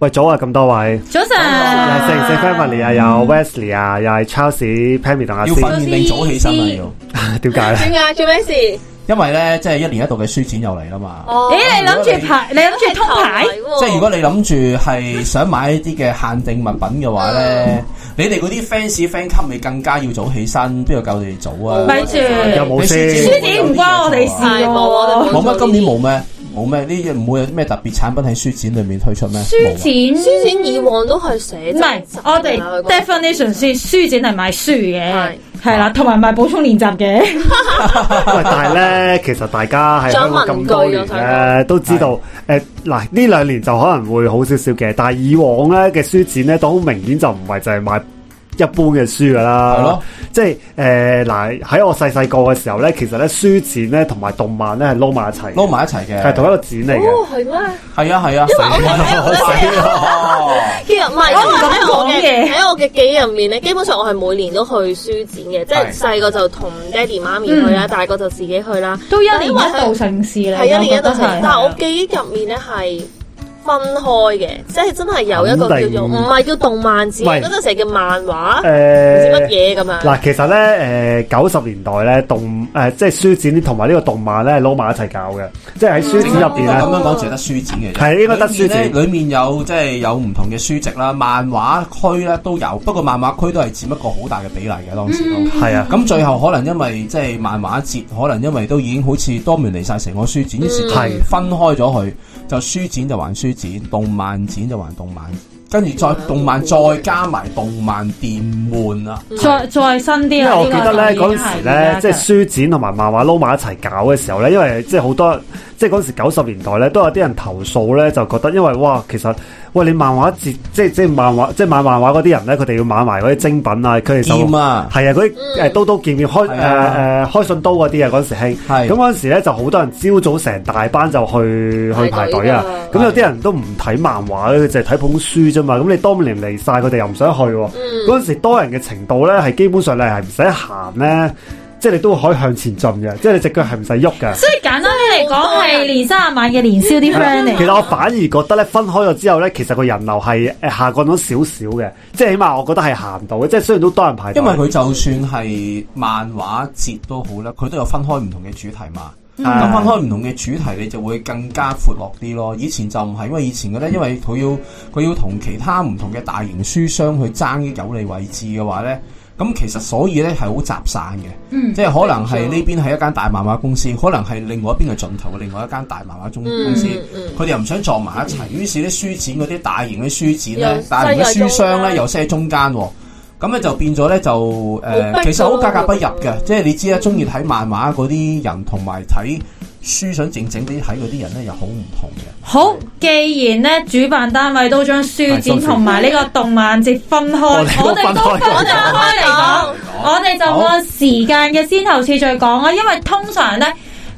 喂，早啊！咁多位，早晨，又係404 family 啊，有 Wesley 啊，又係 Charles、Pammy 同阿 Sosze，要早起身啊？要點解咧？點啊？做咩事？因為咧，即係一年一度嘅書展又嚟啦嘛。咦，你諗住排？你諗住通排？即係如果你諗住係想買一啲嘅限定物品嘅話咧，你哋嗰啲 fans、fan 級你更加要早起身，邊度夠你哋早啊？咪住，又冇書展，書展唔關我哋事，冇乜，今年冇咩。冇咩？呢啲唔會有啲咩特別產品喺書展裏面推出咩？書展有書展以往都係寫，唔係是我哋 definition 書展係賣書嘅，係啦是，同埋賣補充練習嘅。喂， 但係咧，其實大家係香港咁多誒，都知道誒嗱呢兩年就可能會好少少嘅，但係以往咧嘅書展咧都好明顯就唔係就係賣一般嘅書㗎啦，即係誒嗱喺我細細個嘅時候咧，其實咧書展咧同埋動漫咧係撈埋一齊，撈埋一齊嘅，係同一個展嚟嘅。哦，係咩？係啊，係啊。因為我其實我係記唔係，因為喺我嘅喺我嘅記憶入面咧，基本上我係每年都去書展嘅，即係細個就同爹哋媽咪去啦，大個就自己去啦，都一年一度盛事嚟，係一年一度盛事。但係我記入面咧係。分開嘅，即係真係有一個叫做唔係叫動漫節，只係嗰陣時叫漫畫，唔知乜嘢咁樣。嗱，其實咧，誒，九十年代咧，動誒，即係書展同埋呢個動漫咧，係撈埋一齊搞嘅，即係喺書展入邊咧，咁樣講，只得書展嘅。係應該得書展。裏面有即係有唔同嘅書籍啦，漫畫區咧都有，不過漫畫區都係佔一個好大嘅比例嘅，當時都係啊。咁最後可能因爲即係漫畫節，可能因為都已經好似多面離晒成個書展，於是係分開咗去，就書展就還書。展動漫展就玩動漫，跟住再動漫再加埋動漫電玩啊，再再新啲啦。因為我記得咧，嗰陣時咧，即係書展同埋漫畫撈埋一齊搞嘅時候咧，因為即係好多。即係嗰時九十年代咧，都有啲人投訴咧，就覺得因為哇，其實喂，你漫畫節，即係即係漫畫，即係賣漫畫嗰啲人咧，佢哋要買埋嗰啲精品啊，佢哋就係啊嗰啲誒刀刀劍劍開誒誒、嗯呃、開信刀嗰啲啊，嗰時興。咁嗰的時咧，就好多人朝早成大班就去去排隊啊。咁有啲人都唔睇漫畫咧，淨係睇本書啫嘛。咁你當年嚟晒，佢哋又唔想去。嗰陣、嗯、時多人嘅程度咧，係基本上你係唔使行咧，嗯、即係你都可以向前進嘅，即係你隻腳係唔使喐噶。所以簡單。嚟講係年三十晚嘅年宵啲 friend 嚟。 其實我反而覺得咧，分開咗之後咧，其實個人流係誒下降咗少少嘅，即係起碼我覺得係行到嘅。即係雖然都多人排隊，因為佢就算係漫畫節都好啦，佢都有分開唔同嘅主題嘛。咁、嗯、分開唔同嘅主題，你就會更加闊落啲咯。以前就唔係，因為以前嘅咧，因為佢要佢要同其他唔同嘅大型書商去爭啲有利位置嘅話咧。咁其實所以咧係好集散嘅，嗯、即係可能係呢邊係一間大漫畫公司，可能係另外一邊嘅盡頭嘅另外一間大漫畫中、嗯、公司，佢哋、嗯、又唔想撞埋一齊，嗯、於是咧書展嗰啲大型嘅書展咧，yes, 大型嘅書箱咧，又 set 喺中間，咁咧、哦、就變咗咧就誒，呃、其實好格格不入嘅，即係你知啦，鍾意睇漫畫嗰啲人同埋睇。書想靜靜啲睇嗰啲人咧又好唔同嘅。好，吧既然咧主辦單位都將書展同埋呢個動漫節分開，是我哋都分開嚟講，我哋就按時間嘅先後次序講啦。好因為通常咧，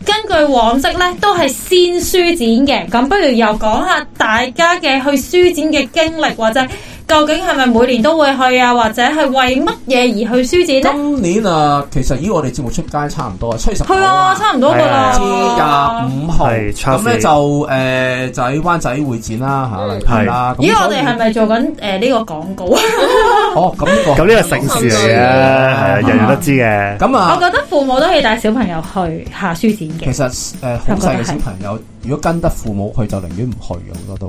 根據往昔咧都係先書展嘅，咁不如又講下大家嘅去書展嘅經歷或者。究竟係咪每年都會去啊？或者係為乜嘢而去書展？今年啊，其實依我哋節目出街差唔多啊，七月十號啊，差唔多噶啦，七月五號，咁咧就誒就喺灣仔會展啦，下個禮拜啦。咦，我哋係咪做緊誒呢個廣告啊？哦，咁呢個咁呢個常識嚟嘅，人人都知嘅。咁啊，我覺得父母都可以帶小朋友去下書展嘅。其實誒，好細嘅小朋友。如果跟得父母去，就寧願唔去。好多都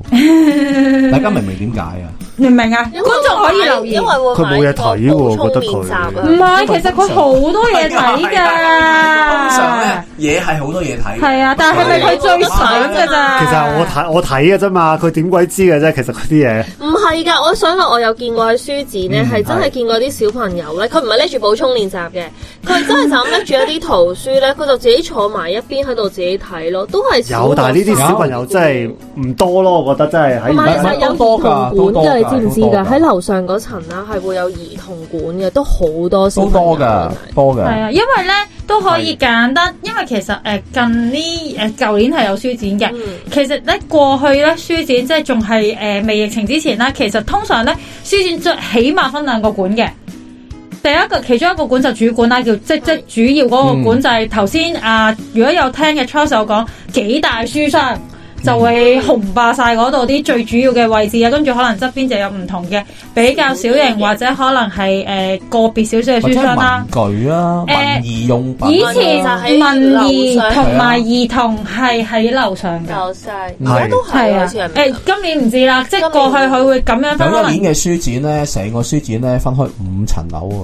大家明明點解啊？你明啊？觀眾可以留意，因為佢冇嘢睇喎，覺得佢唔係，其實佢好多嘢睇㗎。嘢係好多嘢睇。係啊，但係咪佢最想㗎咋？其實我睇我睇㗎啫嘛，佢點鬼知嘅啫？其實嗰啲嘢唔係㗎，我想話我有見過喺書展咧，係真係見過啲小朋友咧，佢唔係拎住補充練習嘅，佢真係就拎住一啲圖書咧，佢就自己坐埋一邊喺度自己睇咯，都係。呢啲小朋友真係唔多咯，我覺得真係喺唔係，多多有兒童館嘅，多多你知唔知噶？喺樓上嗰層啦，係會有兒童館嘅，都好多書好多噶多噶。係啊，因為咧都可以簡單，的因為其實誒、呃、近呢誒舊年係有書展嘅。嗯、其實咧過去咧書展即係仲係誒未疫情之前啦。其實通常咧書展最起碼分兩個館嘅。第一個，其中一個館就是主館啦，叫即即主要嗰個館就係頭先啊，如果有聽嘅初手我講幾大書商。就會紅霸晒嗰度啲最主要嘅位置啊，跟住可能側邊就有唔同嘅比較小型或者可能係誒個別小小嘅書展啦。文具啊，文具用品，啊。以前文具同埋兒童係喺樓上嘅，而家、啊、都係。誒、啊哎，今年唔知啦，即係過去佢會咁樣分。有一年嘅書展咧，成個書展咧分開五層樓啊。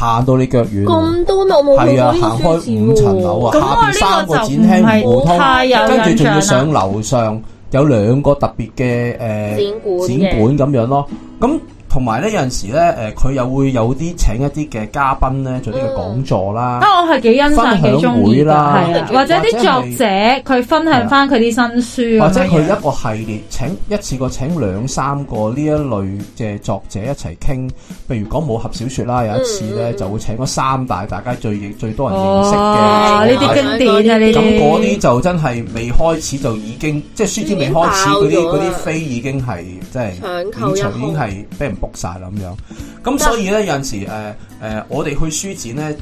行到你腳軟，咁多路冇冇？係啊，行開五層樓啊，下面三個展廳、互動、啊，這個、跟住仲要上樓上，有兩個特別嘅誒，展、呃、館、展館咁樣咯，咁。同埋呢有陣時咧，誒佢又會有啲請一啲嘅嘉賓咧做呢個講座啦。啊，我係幾欣賞，分享會啦，或者啲作者佢分享翻佢啲新書，或者佢一個系列請一次過請兩三個呢一類嘅作者一齊傾，譬如講武俠小說啦，有一次咧就會請咗三大，大家最最多人認識嘅。呢啲經典啊，呢啲咁嗰啲就真係未開始就已經即係書展未開始，嗰啲嗰啲飛已經係即係五場已經係。book 晒啦咁樣，咁所以咧有陣時誒誒、呃呃，我哋去書展咧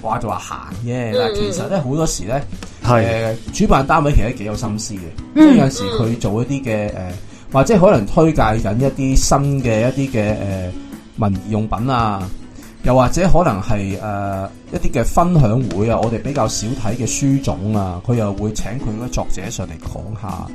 話就話閒嘅，但其實咧好多時咧，係的、呃、主辦單位其實幾有心思嘅，即係有時佢做一啲嘅誒，或者可能推介緊一啲新嘅一啲嘅誒文具用品啊，又或者可能係誒、呃、一啲嘅分享會啊，我哋比較少睇嘅書種啊，佢又會請佢個作者上嚟講下。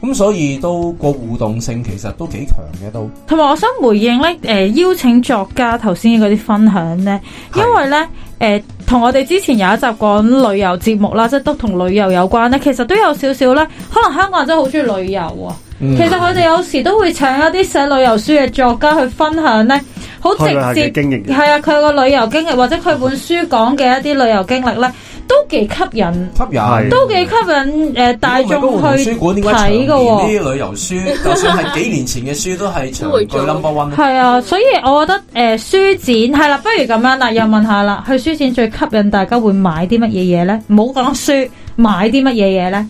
咁、嗯、所以都個互動性其實都幾強嘅，都。同埋，我想回應咧，誒、呃，邀請作家頭先嗰啲分享咧，係因為咧，誒、呃，同我哋之前有一集講旅遊節目啦，即係都同旅遊有關咧，其實都有少少咧，可能香港人真係好中意旅遊啊、喔。嗯、其實佢哋有時都會請一啲寫旅遊書嘅作家去分享咧，好直接。經係啊，佢個旅遊經歷，或者佢本書講嘅一啲旅遊經歷咧。都幾吸引，吸引，嗯、都幾吸引誒！呃、但 大眾眾去書館睇嘅喎，啲旅遊書， 就算係幾年前嘅書 都係、no.，最 number one。係啊，所以我覺得誒、呃，書展係啦、啊，不如咁樣啦，又問下啦，去書展最吸引大家會買啲乜嘢嘢咧？唔好講書，買啲乜嘢嘢咧？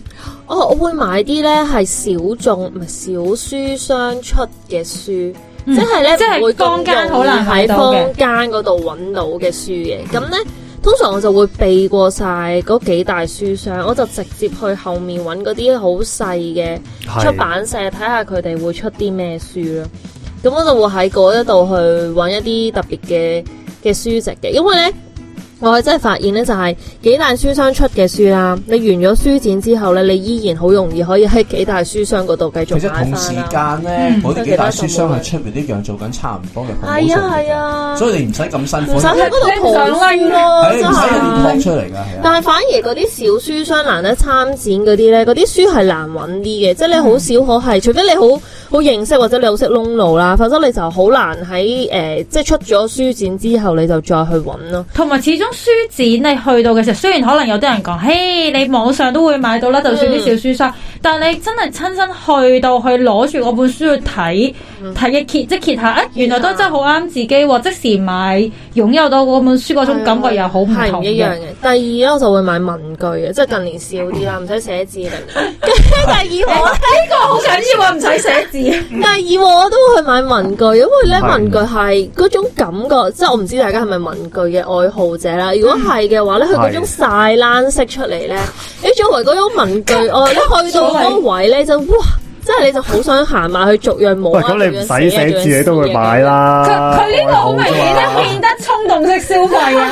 哦，我會買啲咧係小眾唔係小書商出嘅書，即係咧，即係坊間好難喺坊間嗰度搵到嘅書嘅，咁咧、嗯。通常我就會避過晒嗰幾大書商，我就直接去後面揾嗰啲好細嘅出版社，睇下佢哋會出啲咩書咯。咁我就會喺嗰一度去揾一啲特別嘅嘅書籍嘅，因為呢，我真係發現咧、就係，就係幾大書商出嘅書啦、啊。你完咗書展之後咧，你依然好容易可以喺幾大書商嗰度繼續買、啊、同時間咧，嗰啲、嗯、幾大書商喺出面啲樣做緊差唔多嘅。係啊係啊，所以你唔使咁辛苦。唔使喺度淘拎咯，唔使喺嗰度淘出嚟㗎。啊、但係反而嗰啲小書商難得參展嗰啲咧，嗰啲書係難揾啲嘅，嗯、即係你好少可係，除非你好好認識或者你好識窿路啦，否則你就好難喺誒、呃，即係出咗書展之後，你就再去揾咯。同埋始終書展你去到嘅時候，雖然可能有啲人講，誒，你網上都會買到啦，嗯、就算啲小書商，但係你真係親身去到去攞住嗰本書去睇睇嘅揭即係揭下，誒，原來都真係好啱自己，即時買擁有到嗰本書嗰種感覺、哎、呀又好唔同嘅。第二咧，我就會買文具嘅，即係近年少啲啦，唔使寫字啦。 第二，我睇 個好緊要啊，唔使寫字。 但第二我都會去買文具，因為咧文具係嗰種感覺，即係我唔知大家係咪文具嘅愛好者啦。如果係嘅話咧，佢嗰種晒冷式出嚟，咧，你作為嗰種文具哦，你去到嗰個位咧就哇，即係你就好想行埋去逐樣摸啊。咁你唔使寫字你都會買啦。佢，佢呢個好明顯咧變得變得衝動式消費啊！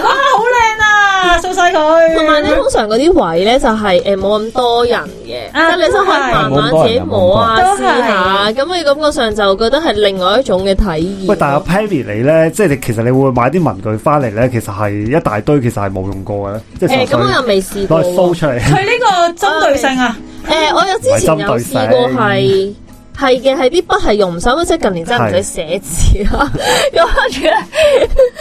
啊！掃晒佢。同埋咧，通常嗰啲位咧就係誒冇咁多人嘅，咁你先可以慢慢自己摸下試下，咁你感覺上就覺得係另外一種嘅體驗。喂，但係 Penny 你咧，即係你其實你會買啲文具翻嚟咧，其實係一大堆，其實係冇用過嘅。誒，咁我又未試過。攞去 show 出嚟。佢呢個針對性啊。誒，我有之前有試過係。係嘅，係啲筆係用唔晒，即係近年真係唔使寫字啦，用住咧，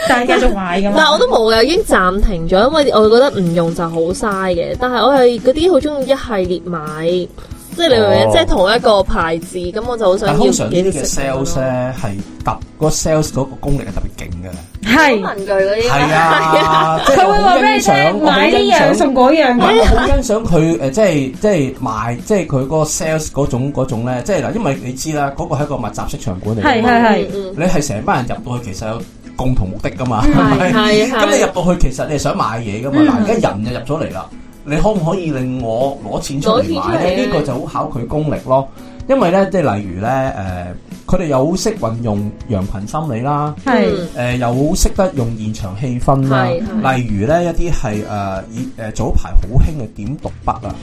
但係繼續買噶嘛。嗱，我都冇嘅，已經暫停咗，因為我覺得唔用就好嘥嘅。但係我係嗰啲好中意一系列買。即係你明唔明？即係同一個牌子咁，我就好想要。但係通常呢啲嘅 sales 咧，係特嗰 sales 嗰個功力係特別勁嘅。係文具嗰啲。係啊，即係我好欣賞買呢樣送嗰樣。我好欣賞佢誒，即係即係賣，即係佢嗰個 sales 嗰種嗰種咧。即係嗱，因為你知啦，嗰個係一個密集式場館嚟。係係係。你係成班人入到去，其實有共同目的噶嘛。係係。咁你入到去，其實你係想買嘢噶嘛？嗱，而家人就入咗嚟啦。你可唔可以令我攞錢出嚟買咧？呢個就好考佢功力咯。因為咧，即係例如咧，誒、呃，佢哋有識運用羊羣心理啦，係誒、嗯呃，又好識得用現場氣氛啦。嗯、例如咧，一啲係誒誒早排好興嘅點讀筆啦，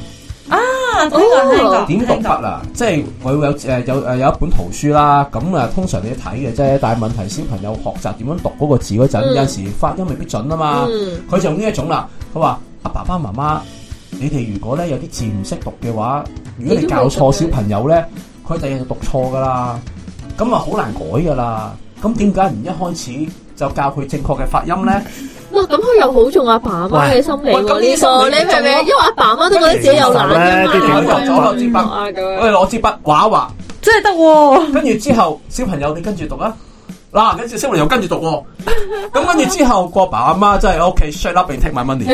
啊，啊！哦、點讀筆啦，即係我會有誒有誒有，有，有一本圖書啦。咁啊，通常你睇嘅啫。但係問題，小朋友學習點樣讀嗰個字嗰陣、嗯嗯，有時發音未必準啊嘛。佢就用呢一種啦。佢話、嗯。.阿爸爸媽媽，你哋如果咧有啲字唔識讀嘅話，如果你教錯小朋友咧，佢第日就讀錯噶啦，咁啊好難改噶啦。咁點解唔一開始就教佢正確嘅發音咧？哇，咁佢又好重阿爸媽嘅心理喎。呢你明唔明？因為阿爸媽都覺得自己又懶啊嘛。攞支筆，攞支筆畫畫，真係得。跟住之後，小朋友你跟住讀啊！嗱，跟住小朋友又跟住讀。咁跟住之後，個爸阿媽，媽真係喺屋企 shut up and take my money。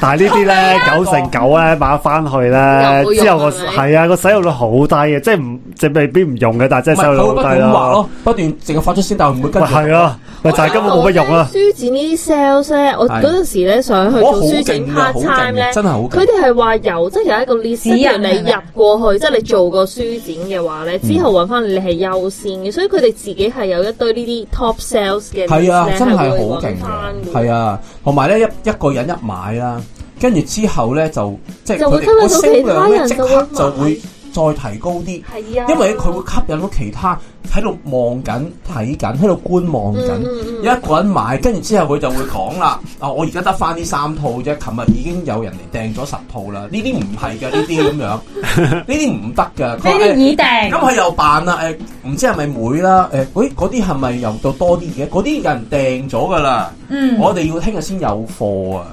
但係呢啲咧九成九咧買翻去咧，之後個係你啊個使用率好低嘅，即係唔即未必唔用嘅，但係真係使用率好低啦。不斷淨係發出聲，但係唔會跟住。係啊，咪有就係根本冇乜用啊！書展呢啲 sales 咧，我嗰陣時咧想去做書展 part 咧，真係好。佢哋係話有即係、就是、有一個 list，即係你入過去，即係、嗯、你做個書展嘅話咧，之後揾翻你係優先嘅，所以佢哋自己係有一堆呢啲 top sales 嘅。真係好勁嘅，係啊，同埋咧一一個人一買啦，跟住之後咧就即係佢哋個銷量咧即刻就會。再提高啲，啊、因為佢會吸引到其他喺度望緊、睇緊、喺度觀望緊，嗯嗯嗯、一個人買，跟住之後佢就會講啦。 啊，我而家得翻呢三套啫，琴日已經有人嚟訂咗十套啦。呢啲唔係嘅，呢啲咁樣，呢啲唔得嘅。呢啲已訂，咁佢、欸、又扮啦。誒、欸，唔知係咪會啦？誒、欸，誒嗰啲係咪又到多啲嘅？嗰啲有人訂咗噶啦。嗯，我哋要聽日先有貨啊。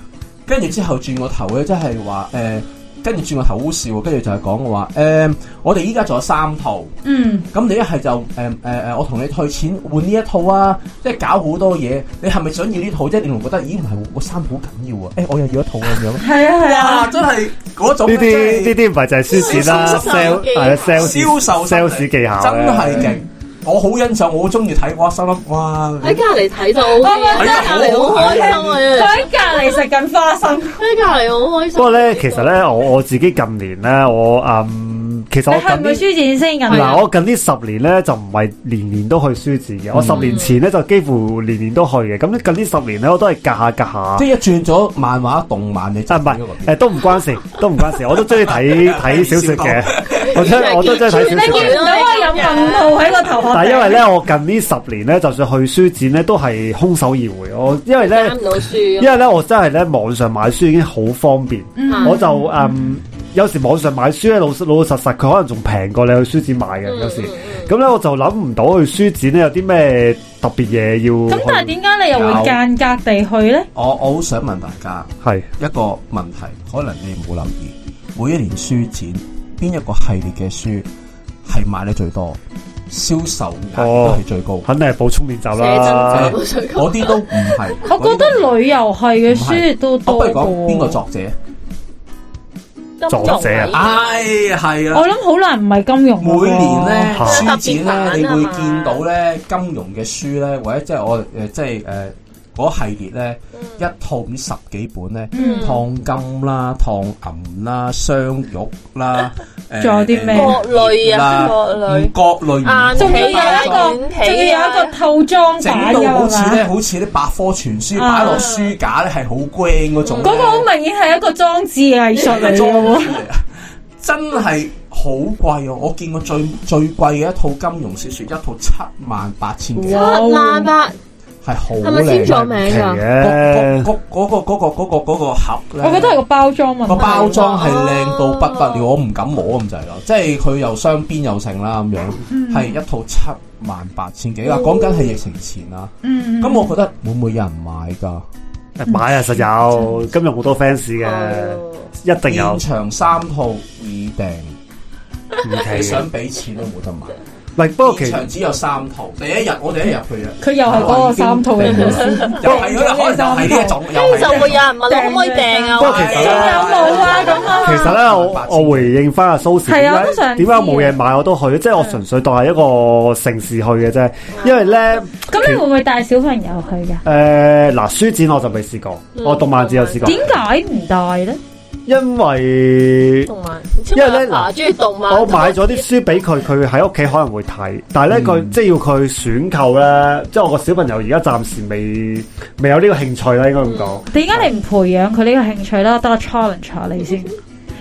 跟住之後轉個頭咧，即係話誒。欸跟住轉個頭好笑，跟住就係講我話：誒、呃，我哋依家仲有三套，嗯，咁你一係就誒誒誒，我同你退錢換呢一套啊，即係搞好多嘢。你係咪想要呢套？即係你會覺得，咦，唔係我三套好緊要啊？誒、欸，我又要一套咁樣。係啊係啊，真係嗰種呢啲呢啲唔係就係 sales 啦，sales 銷售，sales 技巧、啊，真係勁。嗯。我好欣賞，我好中意睇，哇心諗哇！喺隔離睇到，喺隔離好，好睇開心啊！佢喺隔離食緊花生，喺隔離好開心。不過咧，其實咧， 我我自己近年咧，我嗯。其實我近啲書展先，嗱我近呢十年咧就唔係年年都去書展嘅，我十年前咧就幾乎年年都去嘅，咁呢近呢十年咧我都係隔下隔下。即係一轉咗漫畫、動漫嚟。啊，唔係，誒都唔關事，都唔關事，我都中意睇睇小說嘅，我聽，我都中意睇。你唔好話有人冒喺個頭殼。但係因為咧，我近呢十年咧，就算去書展咧，都係空手而回。我因為咧，因為咧，我真係咧，網上買書已經好方便，我就嗯。有時網上買書咧，老老老實實，佢可能仲平過你去書展買嘅。有時咁咧，嗯嗯、我就諗唔到去書展咧有啲咩特別嘢要。咁但係點解你又會間隔地去咧？我我好想問大家，係是一個問題，可能你唔好留意，每一年書展邊一個系列嘅書係買得最多，銷售額都係最高？哦、肯定係補充練習啦。啲 都唔係， 我覺得旅遊係嘅書 都多過。不如講邊、啊、個作者？作者，係係啦。我諗好難唔係金融。每年咧，哦、書展咧， 你會見到咧， 金融嘅書咧，或者即係我誒，即係誒。即係呃嗰系列咧，一套唔知十幾本咧，燙金啦、燙銀啦、雙玉啦，仲有啲咩？國累啊，國累，國累。仲要有一個，仲要有一個套裝，整到好似咧，好似啲百科全書擺落書架咧，係好 grand 嗰種。嗰個好明顯係一個裝置藝術嚟嘅，真係好貴哦！我見過最最貴嘅一套金融小說，一套七萬八千幾，七萬八。係好靚嘅，嗰嗰個嗰個嗰個個盒咧，我覺得係個包裝啊，個包裝係靚到不得了，啊、我唔敢摸咁滯咯，即係佢又雙邊又成啦咁樣，係、嗯、一套七萬八千幾啊，講緊係疫情前啦，咁、嗯、我覺得會唔會有人買噶？嗯、買啊，實有，今日好多 fans 嘅，哦、一定有，現場三套已定，唔係，想俾錢都冇得買。唔係，不過其實只有三套。第一日我第一日去嘅，佢又係嗰個三套嘅。不過係嗰日開頭係呢一種，又係會有人問你可唔可以訂啊？不過其實咧，有冇啊？咁啊？其實咧，我我回應翻阿 Sosze，點解冇嘢買我都去？即係我純粹當係一個城市去嘅啫，因為咧。咁你會唔會帶小朋友去噶？誒，嗱，書展我就未試過，我動漫展有試過。點解唔帶咧？因為因為咧嗱，動漫，我買咗啲書俾佢，佢喺屋企可能會睇，但係咧佢即係要佢選購咧，即係我個小朋友而家暫時未未有呢個興趣啦，應該咁講。點解、嗯、你唔培養佢呢個興趣啦？得個 challenge 你先。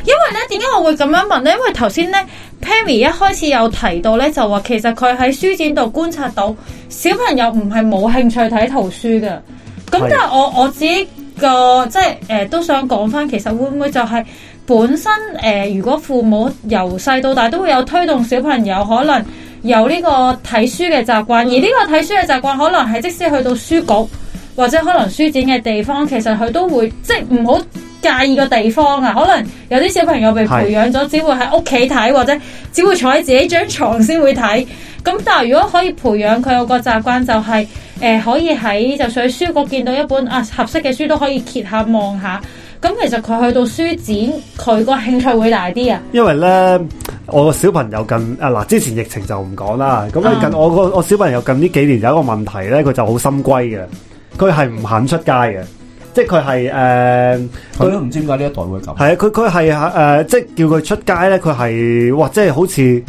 因為咧，點解我會咁樣問咧？因為頭先咧，Pam 一開始有提到咧，就話其實佢喺書展度觀察到小朋友唔係冇興趣睇圖書嘅。咁但係我是我自己。個即係誒、呃，都想講翻，其實會唔會就係本身誒、呃，如果父母由細到大都會有推動小朋友可能有呢個睇書嘅習慣，嗯、而呢個睇書嘅習慣可能係即使去到書局或者可能書展嘅地方，其實佢都會即係唔好。介意個地方啊，可能有啲小朋友被培養咗，是只會喺屋企睇，或者只會坐喺自己張床先會睇。咁但係如果可以培養佢有個習慣，就係誒可以喺就算書局見到一本啊合適嘅書都可以揭下望下。咁其實佢去到書展，佢個興趣會大啲啊。因為咧，我個小朋友近啊嗱，之前疫情就唔講啦。咁咧近、嗯、我個我小朋友近呢幾年有一個問題咧，佢就好深閨嘅，佢係唔肯出街嘅。即係佢係誒，佢都唔知點解呢一代會咁。係啊，佢佢係誒，即係叫佢出街咧，佢係哇，即係好似。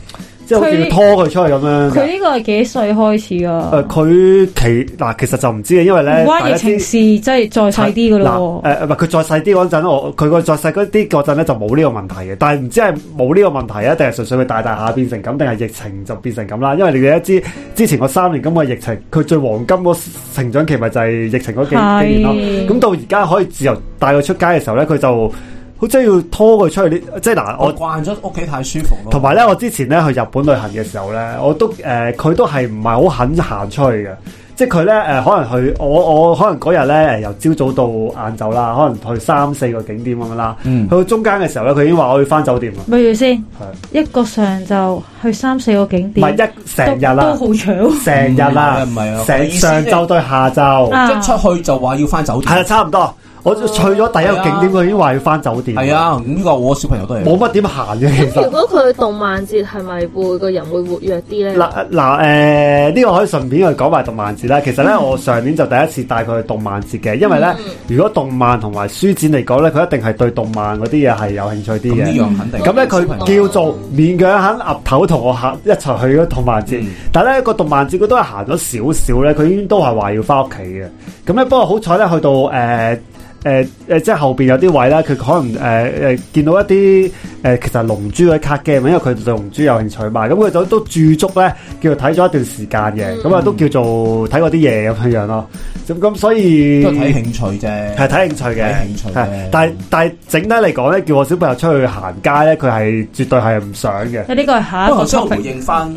即係好似拖佢出去咁樣。佢呢個係幾歲開始啊？誒、呃，佢其嗱、呃、其實就唔知嘅，因為咧。唔關疫情事，即係、呃呃呃、再細啲噶咯。誒誒，佢再細啲嗰陣，我佢個再細啲陣咧就冇呢個問題嘅。但係唔知係冇呢個問題啊，定係純粹佢大大下變成咁，定係疫情就變成咁啦？因為你哋都知之前個三年咁嘅疫情，佢最黃金嗰成長期咪就係疫情嗰幾幾年咯。咁是到而家可以自由帶佢出街嘅時候咧，佢就。好真係要拖佢出去啲，即係嗱，我慣咗屋企太舒服咯。同埋咧，我之前咧去日本旅行嘅時候咧，我都誒，佢、呃、都係唔係好肯行出去嘅。即係佢咧誒，可能去我我可能嗰日咧由朝早到晏晝啦，可能去三四個景點咁樣啦。嗯、去到中間嘅時候咧，佢已經話我要翻酒店啦。咪住先，係一個上晝去三四個景點，唔係一成日啦，都好長，成日啦，唔係啊，成、啊啊、上晝對下晝，一出去就話要翻酒店，係啦、啊，差唔多。我除咗第一個景點，佢、啊、已經話要返酒店。係啊，咁個我小朋友都係冇乜點行嘅。其實，如果佢動漫節係咪會個人會活躍啲咧？嗱嗱誒，呢、啊呃呢個可以順便去講埋動漫節啦。其實咧，我上年就第一次帶佢去動漫節嘅，因為咧，嗯、如果動漫同埋書展嚟講咧，佢一定係對動漫嗰啲嘢係有興趣啲嘅。咁呢樣肯定。咁咧佢叫做勉強肯岌頭同我行一齊去咗動漫節，嗯、但咧個動漫節佢都係行咗少少咧，佢已經都係話要返屋企嘅。咁咧不過好彩咧，去到誒。呃誒誒、呃，即係後邊有啲位啦，佢可能誒誒、呃呃、見到一啲誒、呃，其實龍珠嘅卡 game，因為佢對龍珠有興趣嘛，咁佢都都駐足咧，叫做睇咗一段時間嘅，咁、嗯、啊、嗯、都叫做睇過啲嘢咁樣咯。咁咁所以係睇興趣啫，係睇興趣嘅，睇興趣嘅。但係但係整體嚟講咧，叫我小朋友出去行街咧，佢係絕對係唔想嘅。有呢個嚇，不過我想回應翻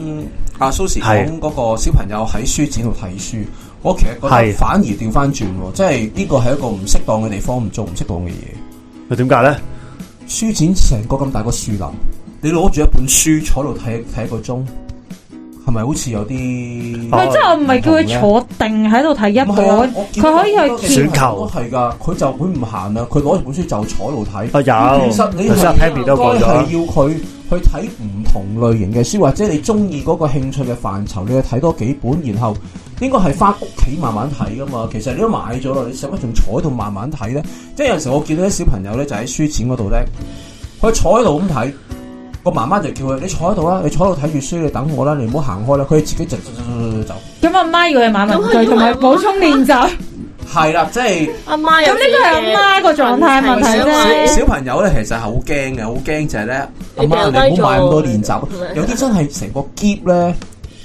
阿蘇時講嗰個小朋友喺書展度睇書。我其實覺得反而調翻轉，即係呢個係一個唔適當嘅地方，唔做唔適當嘅嘢。佢點解咧？書展成個咁大個樹林，你攞住一本書坐度睇睇一個鐘，係咪好似有啲？即係我唔係叫佢坐定喺度睇一本，佢可以去轉頭。係噶，佢就會唔行啦。佢攞住本書就坐度睇。啊有。其實你都應該係要佢去睇唔同類型嘅書，或者你中意嗰個興趣嘅範疇，你去睇多幾本，然後。應該係翻屋企慢慢睇噶嘛，其實你都買咗啦，你使乜仲坐喺度慢慢睇咧？即、就、係、是、有陣時我見到啲小朋友咧，就喺、是、書展嗰度咧，佢坐喺度咁睇，個媽媽就叫佢：你坐喺度啦，你坐喺度睇住書，你等我啦，你唔好行開啦。佢自己就走，走。咁阿媽要去買乜嘢？咁佢、嗯、要買補充練習。係啦，即係阿媽。咁呢個係阿媽個狀態問題啫、啊。小朋友咧，其實係好驚嘅，好驚就係、是、咧，阿、嗯、媽你唔好買咁多練習，嗯嗯嗯、有啲真係成個喼咧。呢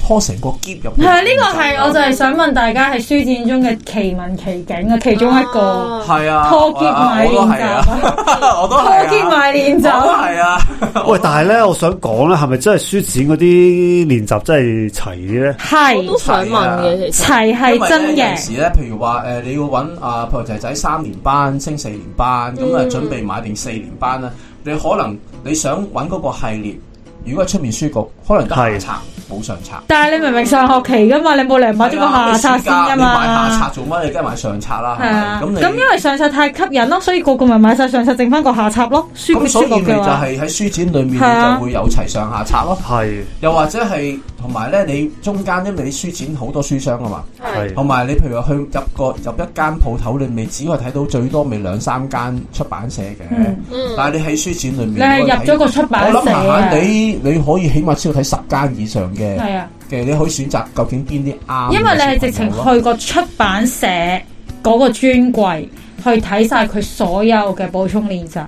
拖成個結入、啊，係呢個係我就係想問大家，係書展中嘅奇聞奇景嘅其中一個，拖結買練習，係啊，拖結買練習，拖結買練習，都係啊！喂，但係咧，我想講咧，係咪真係書展嗰啲練習真係齊咧？係都想問嘅，齊係真嘅。因為咧，平時咧，譬如話誒，你要搵啊，婆仔仔三年班升四年班，咁啊，準備買定四年班啦。你可能你想搵嗰個系列。如果係出面書局，可能得下冊冇的上冊，但係你明明上學期噶嘛，你冇理由買咗個下冊、啊、先噶嘛，你買下冊做乜？你梗係買上冊啦，咁的的你咁因為上冊太吸引咯，所以個個咪買晒上冊，剩翻個下冊咯，書局書局嘅話就係喺書展裏面的就會有齊上下冊咯，係的，又或者係。同埋咧，你中間因為你書展好多書商啊嘛，係。同埋你譬如話去入個入一間鋪頭，你咪只係睇到最多咪兩三間出版社嘅。嗯、但係你喺書展裏面，你係入咗個出版社。我諗閒閒地，你可以起碼先要睇十間以上嘅。係啊。其實你可以選擇究竟邊啲啱。因為你係直情去個出版社嗰個專櫃去睇晒佢所有嘅補充練習。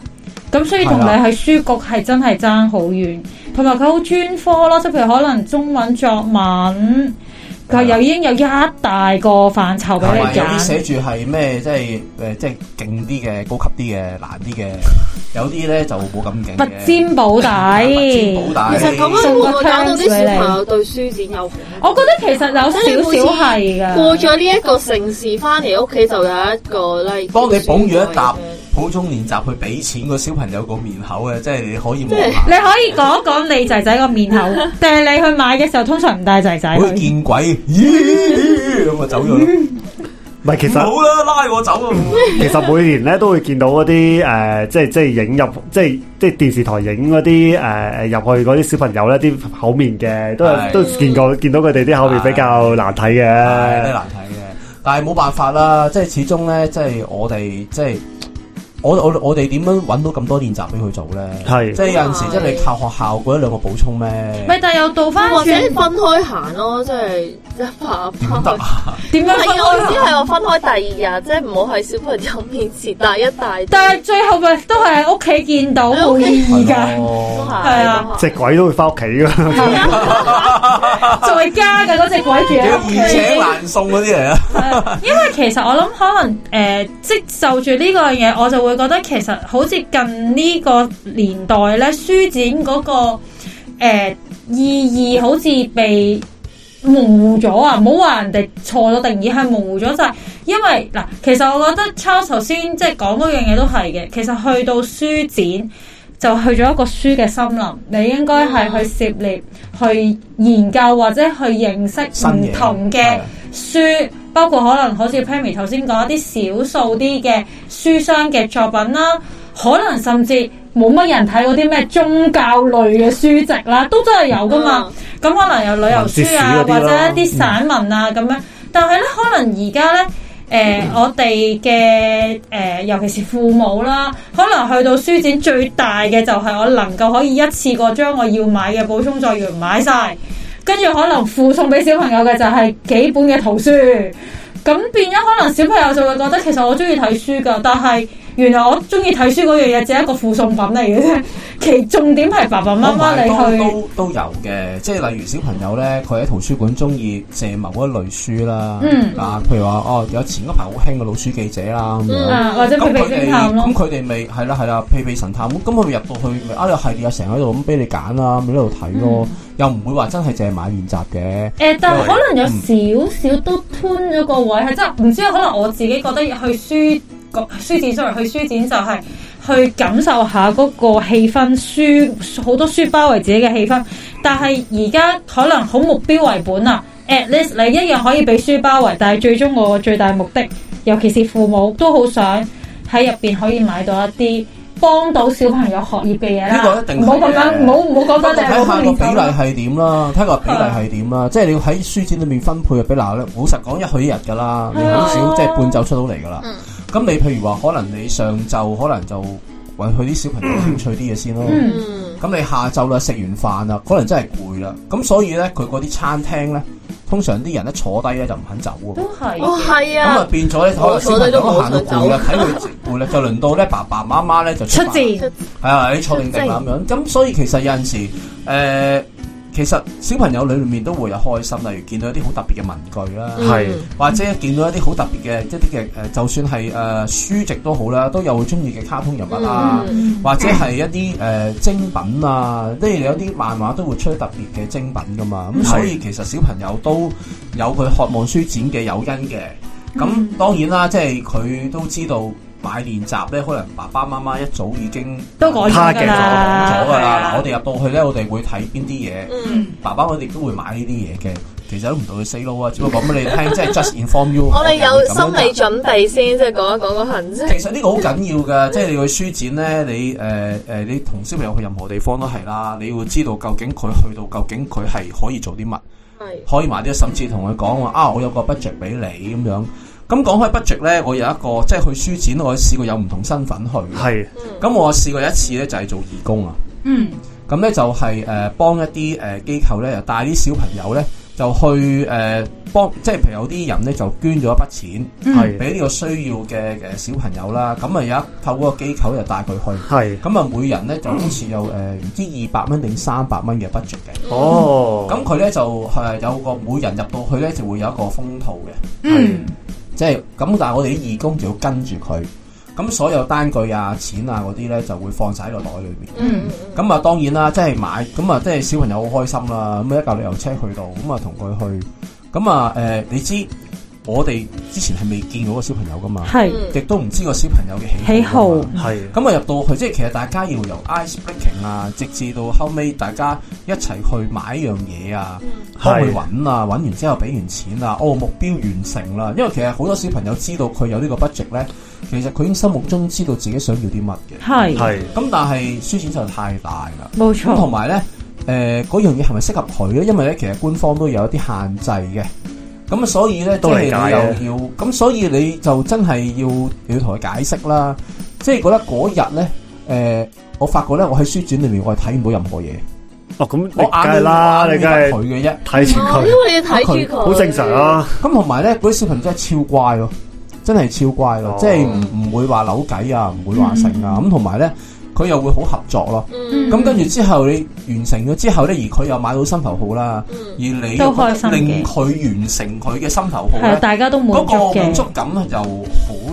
咁所以同你喺書局係真係爭好遠，同埋佢好專科咯，即譬如可能中文作文，佢又、啊、已經有一大個範疇畀你。有啲寫住係咩？即係誒、呃，即係勁啲嘅、高級啲嘅、難啲嘅，有啲咧就冇咁嘅。拔尖保底， 底其實咁樣會唔會搞到啲小朋友對書展有？我覺得其實有少少係嘅。過咗呢一個城市翻嚟，屋企就有一個 l i、嗯嗯、幫你捧住一沓。嗯普通練習去俾錢個小朋友個面口嘅，即係你可以望下。你可以講一講你仔仔個面口，定係你去買嘅時候通常唔帶仔仔。會見鬼！咦，咁咪走咗。唔係，其實好啦，拉我走。其實每年咧都會見到嗰啲誒，即係即係影入，即係即係電視台影嗰啲誒誒入去嗰啲小朋友咧，啲口面嘅都係都見過，見到佢哋啲口面比較難睇嘅，都難睇嘅。但係冇辦法啦，即係始終咧，即係我哋即係。我我我哋點樣揾到咁多練習俾佢做咧？係是，即係有陣時是即係你靠學校嗰一兩個補充咩？咪但又倒翻，或者分開行咯，即係。一百分點樣？我意思係我分開第二日，即係唔好喺小朋友面前帶一帶。但係最後咪都係喺屋企見到，冇意義噶。係啊，隻鬼都會翻屋企噶，在家嘅嗰隻鬼叫而且難送嗰啲嚟啊。因為其實我諗可能誒，即受住呢個嘢，我就會覺得其實好似近呢個年代咧，書展嗰個誒意義好似被。模糊咗啊！唔好話人哋錯咗定義，係模糊咗就係、是、因為嗱，其實我覺得 Charles 頭先即係講嗰樣嘢都係嘅。其實去到書展就去咗一個書嘅森林，你應該係去涉獵、啊、去研究或者去認識唔同嘅書，包括可能好似 Pammy 頭先講一啲少數啲嘅書商嘅作品啦。可能甚至冇乜人睇嗰啲咩宗教類嘅書籍啦，都真係有噶嘛？咁、嗯嗯嗯、可能有旅遊書啊，嗯、或者一啲散文啊咁樣。嗯、但係咧，可能而家咧，誒、呃，嗯、我哋嘅誒，尤其是父母啦，可能去到書展最大嘅就係我能夠可以一次過將我要買嘅補充作業買晒，跟住可能附送俾小朋友嘅就係幾本嘅圖書，咁變咗可能小朋友就會覺得其實我中意睇書噶，但係。原來我中意睇書嗰樣嘢就係一個附送品嚟嘅啫，其重點係爸爸媽媽你去都都有嘅，即係例如小朋友咧，佢喺圖書館中意借某一類書啦，嗯啊，譬如話哦，有前嗰排好興嘅老鼠記者啦、啊，或者屁屁偵探咯，咁佢哋咪係啦係啦，屁屁神探咁，咁佢入到去咪啊、嗯、又係有成日喺度咁俾你揀啦，咪喺度睇咯，又唔會話真係淨係買練習嘅，誒，但係可能有少少都吞咗個位，係即係唔知可能我自己覺得去書。書展，sorry，去書展就係去感受下嗰個氣氛，書好多書包圍自己嘅氣氛。但係而家可能好目標為本啊，at least 你一樣可以俾書包圍，但係最終我最大目的，尤其是父母都好想喺入邊可以買到一啲幫到小朋友學業嘅嘢啦。呢個一定唔好咁樣，唔好唔好講得太過。睇下個比例係點啦，睇下個比例係點啦，即係你要喺書展裏面分配啊。俾嗱咧，老實講一許一日噶啦，你好少即係半就出到嚟噶啦。咁你譬如話，可能你上晝可能就為佢啲小朋友興趣啲嘢先咯。咁、嗯、你下晝啦，食完飯啦，可能真係攰啦。咁所以咧，佢嗰啲餐廳咧，通常啲人一坐低咧就唔肯走喎。都係是，係、哦、啊。咁啊變咗咧，可能小朋友都行到攰啦。睇佢攰咧，直 就輪到咧爸爸媽媽咧就出戰。係啊自，你坐定定咁樣。咁自所以其實有陣時誒。呃其實小朋友裏面都會有開心，例如見到一啲好特別嘅文具啦，是或者見到一啲好特別嘅，即啲嘅誒，就算係誒、呃、書籍都好啦，都有中意嘅卡通人物啦、啊，嗯、或者係一啲誒、呃、精品啊，即係有啲漫畫都會出特別嘅精品噶嘛。咁是所以其實小朋友都有佢渴望書展嘅誘因嘅。咁、嗯、當然啦，即係佢都知道。買練習咧，可能爸爸媽媽一早已經都講完噶啦。嗱了的，我哋入到去咧，我哋會睇邊啲嘢。嗯、爸爸佢哋都會買呢啲嘢嘅。其實都唔到佢 say no 啊，只不過講俾 你聽，即係 just inform you。 我哋有心理準備先，即係講一講痕份。 其實呢個好緊要噶，即、就、係、是、你去書展咧，你誒誒、呃，你同小朋友去任何地方都係啦。你要知道究竟佢去到，究竟佢係可以做啲乜，係的可以買啲甚至同佢講話啊，我有個 budget 俾你咁樣。咁講開 budget 咧，我有一個即係去書展，我試過有唔同身份去。係是，咁我試過一次咧，就係、是、做義工啊。嗯，咁咧就係誒幫一啲誒機構咧，又帶啲小朋友咧，就去誒幫、呃，即係譬如有啲人咧就捐咗一筆錢，係俾呢個需要嘅誒小朋友啦。咁啊，有一靠個機構就帶佢去，係、嗯。咁啊、呃嗯，每人咧就好似有誒唔知二百蚊定三百蚊嘅 budget 嘅。哦，咁佢咧就係有個每人入到去咧就會有一個封套嘅。嗯。是嗯即係咁，但係我哋啲義工仲要跟住佢，咁所有單據啊、錢啊嗰啲咧就會放晒喺個袋裏邊。嗯，咁啊，當然啦，即係買，咁啊，即係小朋友好開心啦。咁啊，一架旅遊車去到，咁啊，同佢去，咁啊，誒，你知。我哋之前係未見過個小朋友噶嘛，亦都唔知個小朋友嘅喜、喜好。係咁啊，入到去即係其實大家要由 ice breaking 啊，直至到後尾大家一齊去買一樣嘢啊，的去揾啊，揾完之後俾完錢啊，哦目標完成啦。因為其實好多小朋友知道佢有呢個 budget 咧，其實佢已經心目中知道自己想要啲乜嘅。係係咁，的但係輸錢就太大啦。冇錯，同埋咧，誒、呃、嗰樣嘢係咪適合佢咧？因為咧，其實官方都有一啲限制嘅。咁啊，所以咧，理即是你又要，咁所以你就真係要要同佢解釋啦。即係覺得嗰日咧，誒、呃，我發覺咧，我喺書展裏面，我係睇唔到任何嘢。哦，咁我梗係啦，你梗係睇住佢，因為你要睇住佢，好他、嗯、正常啊。咁同埋咧，嗰啲小朋友真係超乖咯，真係超乖咯，哦、即係唔唔會話扭計啊，唔會話成啊。咁同埋咧。佢又會好合作咯，咁跟住之後你完成咗之後咧，而佢又買到心頭好啦，嗯、而你令佢完成佢嘅心頭好咧、嗯，大家都滿足嘅，嗰個滿足感就好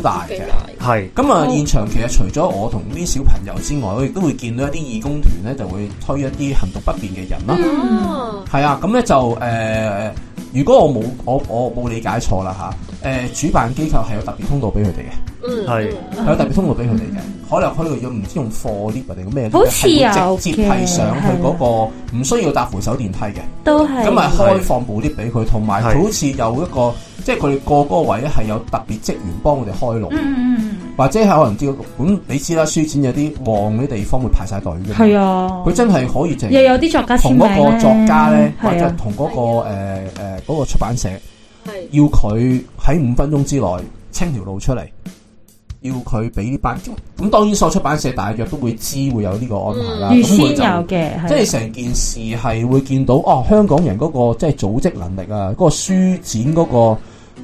大嘅。係咁啊，現場其實除咗我同啲小朋友之外，我亦都會見到一啲義工團咧，就會推一啲行動不便嘅人啦。係、嗯、啊，咁咧就誒。呃如果我冇我我冇理解錯啦嚇，誒、啊呃、主辦機構係有特別通道俾佢哋嘅。係是有特別通道俾佢哋嘅，嗯、可能可能要唔知用貨 lift 定咩？係直接係上去嗰個唔的需要搭扶手電梯嘅，都係咁咪開放部 lift 俾佢，同埋的好似有一個，即係佢過嗰個位係有特別職員幫佢哋開路。嗯嗯。或者係可能叫咁，你知啦，書展有啲旺嗰啲地方會排晒隊嘅。係啊，佢真係可以淨。又有啲作家同嗰個作家咧，家或者同嗰，嗰個誒誒、啊呃、呃嗰個出版社，啊、要佢喺五分鐘之內清條路出嚟，要佢俾啲班。咁當然所有出版社大約都會知會有呢個安排啦。預、嗯、於先有嘅，即係成件事係會見到哦。香港人嗰，嗰個即係、即係、組織能力啊，嗰，嗰個書展嗰，嗰個。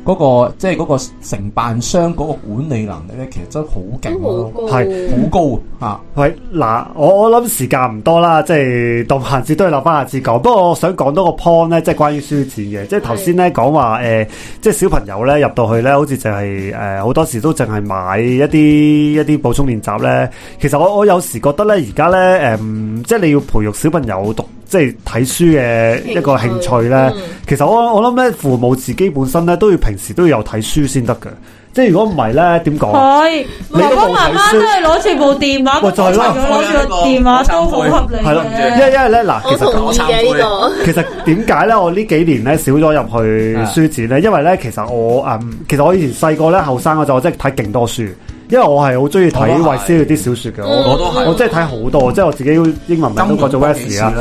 嗰、嗰個即係嗰個承辦商嗰個管理能力咧，其實真係好勁咯，係好高啊！喂，嗱，我我諗時間唔多啦，即係到下次都係留返下次講。不過我想講多個 point 咧，即係關於書展嘅。即係頭先咧講話誒，即係小朋友咧入到去咧、就係，好似就係誒好多時都淨係買一啲一啲補充練習咧。其實我我有時覺得咧，而家咧誒，即係你要培育小朋友讀。即係睇書嘅一個興趣咧，嗯、其實我我諗咧，父母自己本身咧都要平時都要有睇書先得㗎。即係如果唔係咧，點講？是你阿媽媽都係攞住部電話，我再攞住個部電話都好合理嘅。因為因為咧嗱，其實咁，我個其實點解咧？我呢幾年咧少咗入去書展咧，因為咧，其實我誒、嗯，其實我以前細個咧，後生陣我真係睇勁多書。因為我係好中意睇衛斯理嗰啲小説嘅，我都係，我真係睇好多，即係、嗯、我自己英文名都改做 Wesley 啊，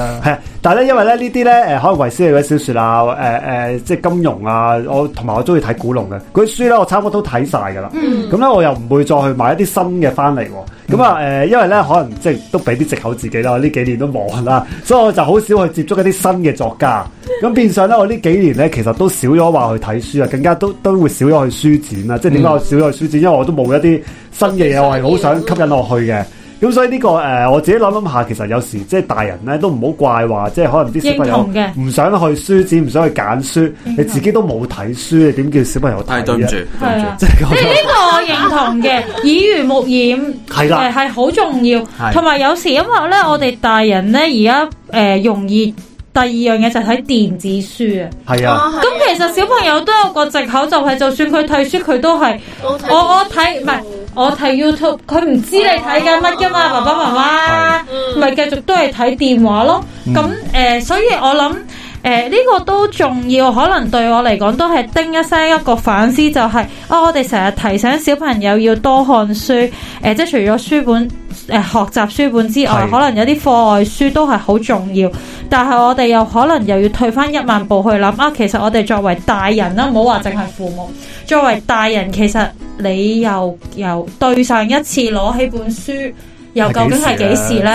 但咧，因為咧呢啲咧，誒、呃、可能衛斯理嘅小説啦，誒、呃、誒、呃、即係金庸啊，我同埋我中意睇古龍嘅嗰啲書咧，我差唔多都睇晒㗎啦。咁咧、嗯，我又唔會再去買一啲新嘅翻嚟。咁啊，誒，因為咧可能即係都俾啲藉口自己啦，我呢幾年都忙啦，所以我就好少去接觸一啲新嘅作家。咁變相咧，我呢幾年咧其實都少咗話去睇書啊，更加都都會少咗去書展啊。即係點解我少咗去書展？為書展嗯、因為我都冇一啲新嘅嘢，我係好想吸引落去嘅。咁、嗯、所以呢、呢個誒、呃，我自己諗諗下，其實有時即係大人咧都唔好怪話，即係可能啲小朋友唔想去書展，唔想去揀書，你自己都冇睇書，點叫小朋友呢？睇對唔住，即係呢個我認同嘅，耳濡目染係啦，係好了、呃、重要，同埋的有，有時因為咧，我哋大人咧而家誒容易。第二樣嘢就係睇電子書啊，係啊，咁其實小朋友都有個藉口，就係就算佢睇書，佢都係我我睇唔係我睇 YouTube，佢唔知你睇緊乜嘅嘛，爸爸媽媽，咪繼續都係睇電話咯。咁誒，所以我諗。誒，呢個都重要，可能對我嚟講都係叮一聲一個反思，就係啊，我哋成日提醒小朋友要多看書，誒，即係除咗書本誒學習書本之外，的可能有啲課外書都係好重要。但係我哋又可能又要退翻一萬步去諗啊，其實我哋作為大人啦，唔好話淨係父母，作為大人，其實你又又對上一次攞起本書。又究竟係幾時咧？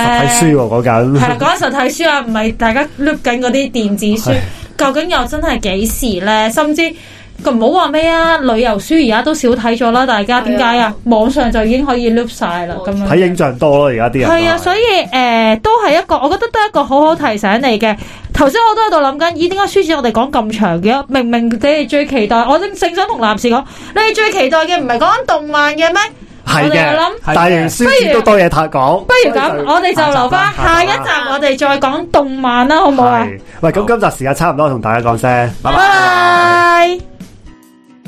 係啦，嗰陣時睇書啊，唔係 大家 look 緊嗰啲電子書， 究竟又真係幾時咧？甚至唔好話咩啊，旅遊書而家都少睇咗啦，大家點解啊？網上就已經可以 look 晒啦，咁樣睇影像多咯，而家啲係啊，所以誒、呃，都係一個，我覺得都係一個好好提醒你嘅。頭先我都喺度諗緊，咦，點解書展我哋講咁長嘅？明明你哋最期待，我正想同男士講，你哋最期待嘅唔係講動漫嘅咩？係嘅，大完書本都多嘢太講。的不如咁，我哋如就留翻下一集，一集一集我哋再講動漫啦，好唔好啊？喂，咁今集時間差唔多，同大家講聲，拜拜。